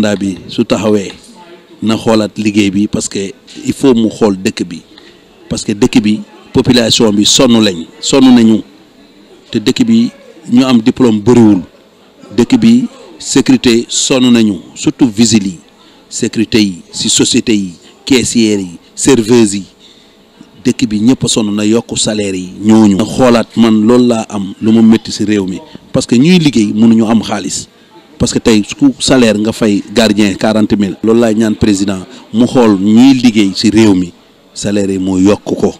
mandat bi su taxawee na xoolaat liggéey bi parce que il faut mu xool dëkk bi parce que dëkk bi population bi sonn lañ sonn nañu te dëkk bi ñu am diplôme bëriwul dëkk bi sécurité sonn nañu surtout vigiles yi sécurité yi si société yi caissières yi serveuses yi dëkk bi ñëpp sonn na yokk salaire yi ñooñu. na xoolaat man loolu laa am lu ma métti si réew mi parce que ñuy liggéey mënuñu am xaalis. parce que tey su salaire nga fay gardien quarante mille. loolu laay ñaan président mu xool ñuy liggéey ci réew mi salaire yi mu yokk ko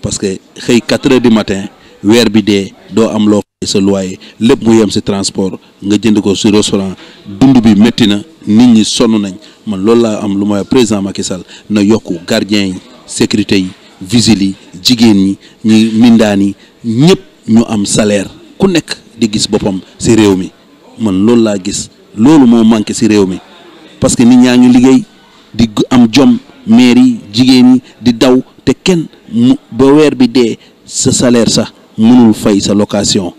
parce que xëy quatre heures du matin weer bi dee doo am loo fay sa loyer lépp mu yem ci transport nga jënd ko ci restaurant dund bi métti na nit ñi sonn nañ man loolu laa am lu ma président Macky Sall na yokk gardien yi sécurité yi vigile yi jigéen ñi ñi mindaan yi ñëpp ñu am salaire ku nekk di gis boppam ci réew mi. man loolu laa gis loolu moo manqué si réew mi parce que nit ñaa ngi liggéey di am jom maire yi jigéen di daw te kenn mu ba weer bi dee sa salaire sax mënul fay sa location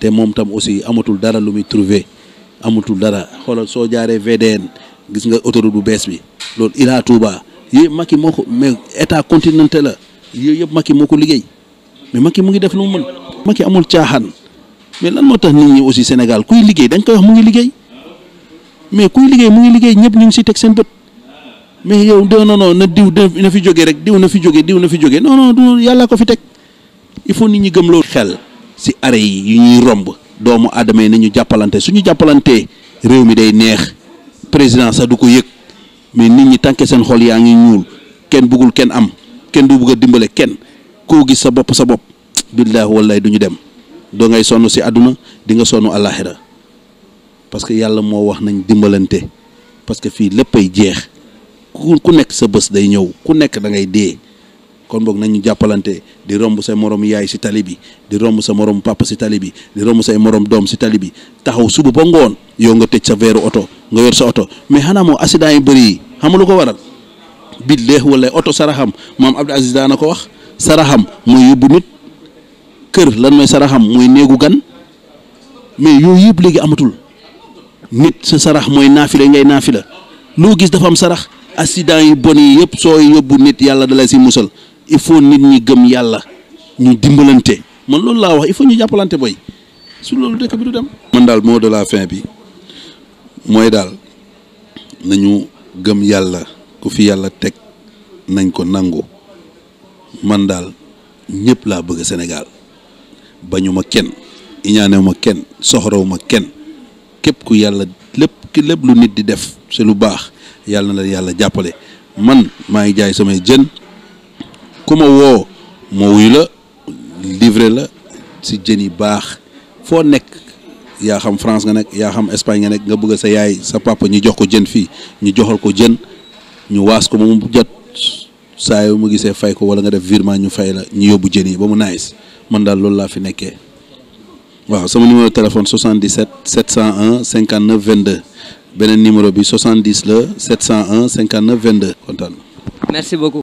te moom tam aussi amatul dara lu muy trouver amatul dara xoolal soo jaaree VDN gis nga autoroute bu bees bi loolu Ila Touba yooyu Macky moo ko mais état continental la yooyu yëpp Macky moo ko liggéey mais Macky mu ngi def lu mu mën Macky amul caaxaan. mais lan moo tax nit ñi aussi Sénégal kuy liggéey dañ koy wax mu ngi liggéey mais kuy liggéey mu ngi liggéey ñëpp ñu ngi siy teg seen bët mais yow doo non non na diw na fi jóge rek diw na fi jóge diw na fi jóge non non du yàlla ko fi teg il faut nit ñi gëm loolu xel si are yi yu ñuy romb doomu aadama yi nañu jàppalante suñu jàppalantee réew mi day neex président sax du ko yëg mais nit ñi tànke seen xol yaa ngi ñuul kenn buggul kenn am kenn du bëgg a dimbale kenn koo gis sa bopp sa bopp billaahi wallaahi du ñu dem doo ngay sonn si àdduna di nga sonn àllaaxira parce que yàlla moo wax nañ dimbalante parce que fii lépp ay jeex ku ku nekk sa bës day ñëw ku nekk da ngay dee kon boog nañu jàppalante di romb sa morom yaay si tali bi di romb sa morom papa si tali bi di romb say morom doom si tali bi taxaw suba ba ngoon yow nga tëj sa veeru oto nga yor sa oto mais xanaa moo accident yi bëri yi xam lu ko waral bit leex wala oto saraxam maam Abdou Aziz daana ko wax saraxam mooy kër lan mooy saraxam mooy néegu gan mais yooyu yëpp léegi amatul nit sa sarax mooy naafila ngay naafi la loo gis dafa am sarax accident yi bon yi yëpp soo yóbbu nit yàlla dala si musal il faut nit ñi gëm yàlla ñu dimbalante man loolu laa wax il faut ñu jàppalante boy su loolu dëkk bi du dem. man daal moo de la fin bi mooy daal nañu gëm yàlla ku fi yàlla teg nañ ko nangu man daal ñëpp laa bëgg senegal bañu ma kenn iñaanewu ma kenn soxorawu ma kenn képp ku yàlla lépp lu nit di def si lu baax yàlla na la yàlla jàppale man maa ngi jaay samay jën ku ma woo ma wuyu la livré la si jën yi baax foo nekk yaa xam France nga nekk yaa xam Espagne nga nekk nga bëgg sa yaay sa papa ñu jox ko jën fii ñu joxal ko jën ñu waas ko moom jot saa yu ma gisee fay ko wala nga def virement ñu fay la ñu yóbbu jën yi ba mu nice man daal loolu laa fi nekkee waaw sama numéro téléphone 77 701 59 22 beneen numéro bi 70 la 701 59 22 kontaan merci beaucoup.